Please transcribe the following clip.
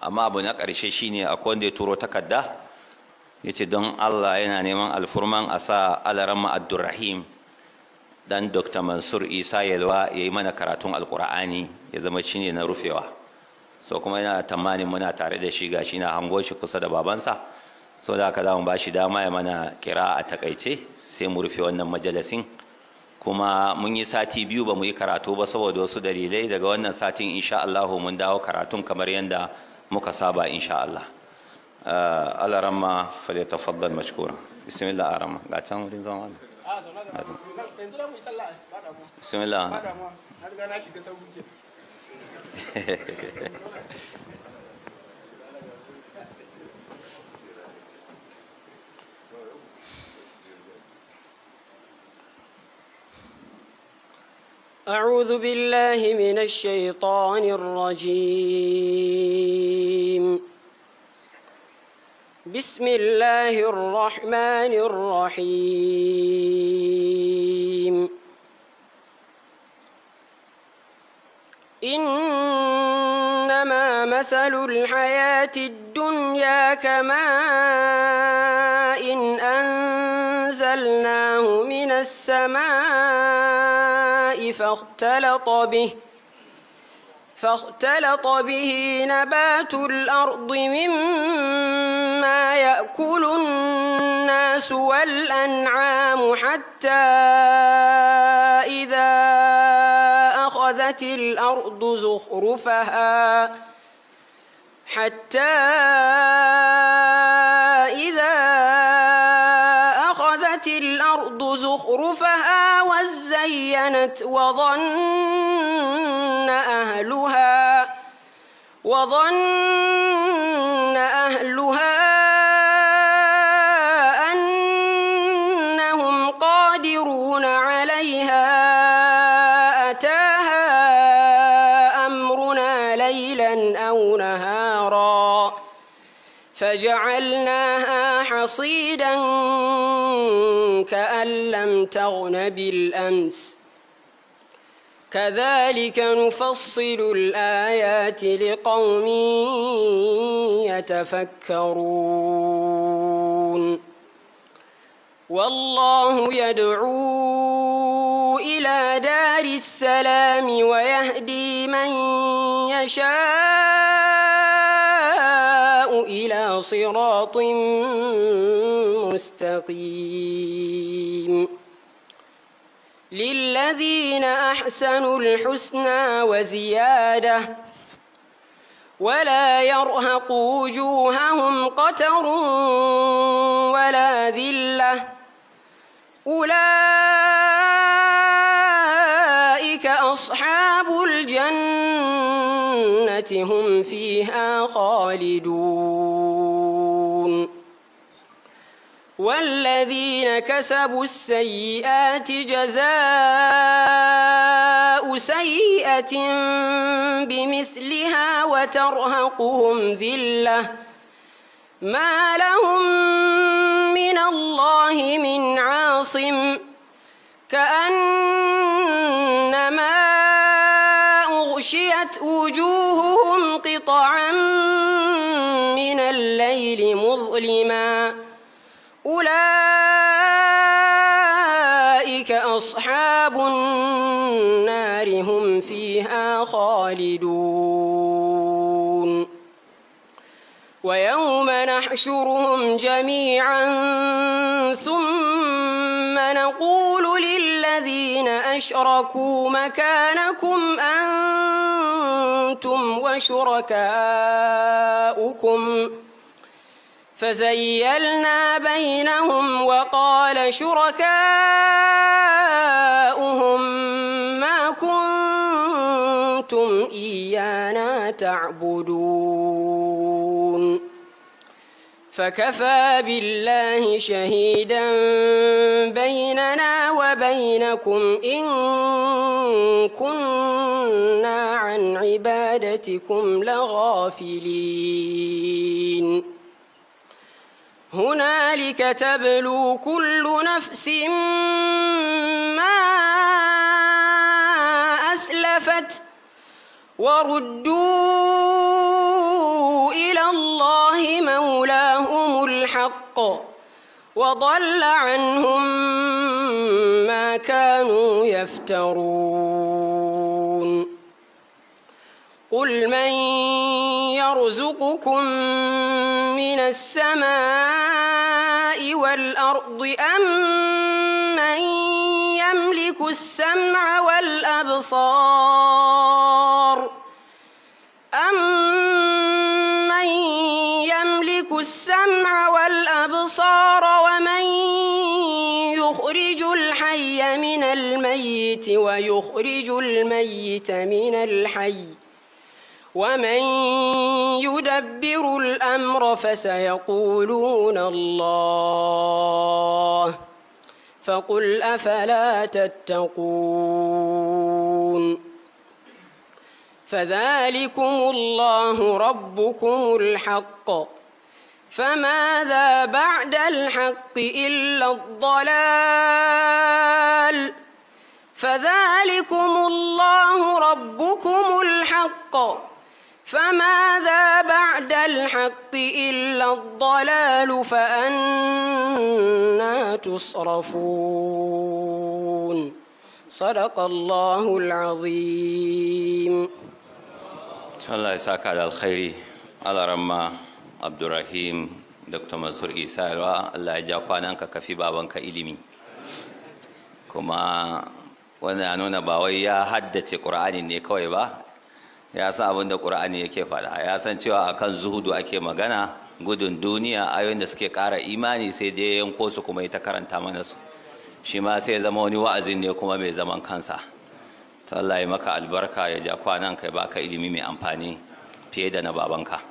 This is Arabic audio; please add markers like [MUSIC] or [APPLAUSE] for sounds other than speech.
amma abu na ƙarshe shine akwai wanda ya turo takarda ya ce don allah yana neman alfurman a sa alaramma rahim. dan dr mansur isa yalwa ya yi mana karatun alkur'ani ya zama shine na rufewa so kuma yana tamanin muna tare da shi ga na hango shi kusa da babansa so da aka ba shi dama ya mana kira a takaice sai mu rufe wannan majalisin kuma mun yi sati biyu ba mu yi karatu ba saboda wasu dalilai daga wannan satin insha mun dawo karatun kamar yadda muka saba insha Allah eh, alarama fale tafaddal mashkura bismillah arama ga can wurin zama ne ah, bismillah [LAUGHS] أعوذ بالله من الشيطان الرجيم بسم الله الرحمن الرحيم إنما مثل الحياة الدنيا كماء أنزلناه من السماء فاختلط به فاختلط به نبات الأرض مما يأكل الناس والأنعام حتى إذا أخذت الأرض زخرفها حتى كانت وظن أهلها وظن أهلها أنهم قادرون عليها أتاها أمرنا ليلا أو نهارا فجعلناها حصيدا كأن لم تغن بالأمس كذلك نفصل الآيات لقوم يتفكرون والله يدعو إلى دار السلام ويهدي من يشاء إلى صراط مستقيم للذين أحسنوا الحسنى وزيادة ولا يرهق وجوههم قتر ولا ذلة أولئك أصحاب الجنة هم فيها خالدون والذين كسبوا السيئات جزاء سيئة بمثلها وترهقهم ذلة ما لهم من الله من عاصم كأنما أغشيت وجوههم قطعا من الليل مظلماً أولئك أصحاب النار هم فيها خالدون ويوم نحشرهم جميعا ثم نقول للذين أشركوا مكانكم أنتم وشركاؤكم ۖ فزيلنا بينهم وقال شركاؤهم ما كنتم إيانا تعبدون فكفى بالله شهيدا بيننا وبينكم إن كنا عن عبادتكم لغافلين هنالك تبلو كل نفس ما أسلفت وردوا إلى الله مولاهم الحق وضل عنهم ما كانوا يفترون قل من يرزقكم من السماء والأرض أم من يملك السمع والأبصار أم من يملك السمع والأبصار ومن يخرج الحي من الميت ويخرج الميت من الحي ومن يدبر الأمر فسيقولون الله فقل أفلا تتقون فذلكم الله ربكم الحق فماذا بعد الحق إلا الضلال فذلكم الله ربكم الحق فماذا بعد الحق إلا الضلال فأنا تصرفون صدق الله العظيم الله يساك على الخير على رمى عبد الرحيم دكتور منصور إيسا الله يجاوبان أنك كفي بابانك إلمي كما wannan ya nuna ba wai ya haddace ƙur'anin ne kawai ba ya san abin da ƙur'ani yake faɗa ya san cewa akan zuhudu ake magana gudun duniya ayoyin da suke ƙara imani sai je yanko su kuma ta karanta mana su shi ma sai zama wani wa'azin ne kuma mai zaman kansa ta Allah ya maka albarka ya ja kwanan kai baka ilimi mai amfani fiye da na babanka